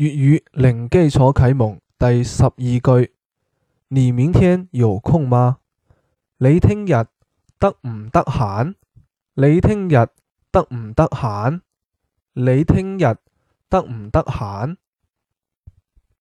粵語零基礎啟蒙，第十二句，你明天有空嗎？你聽日得唔得閒？你聽日得唔得閒？你聽日得唔得閒？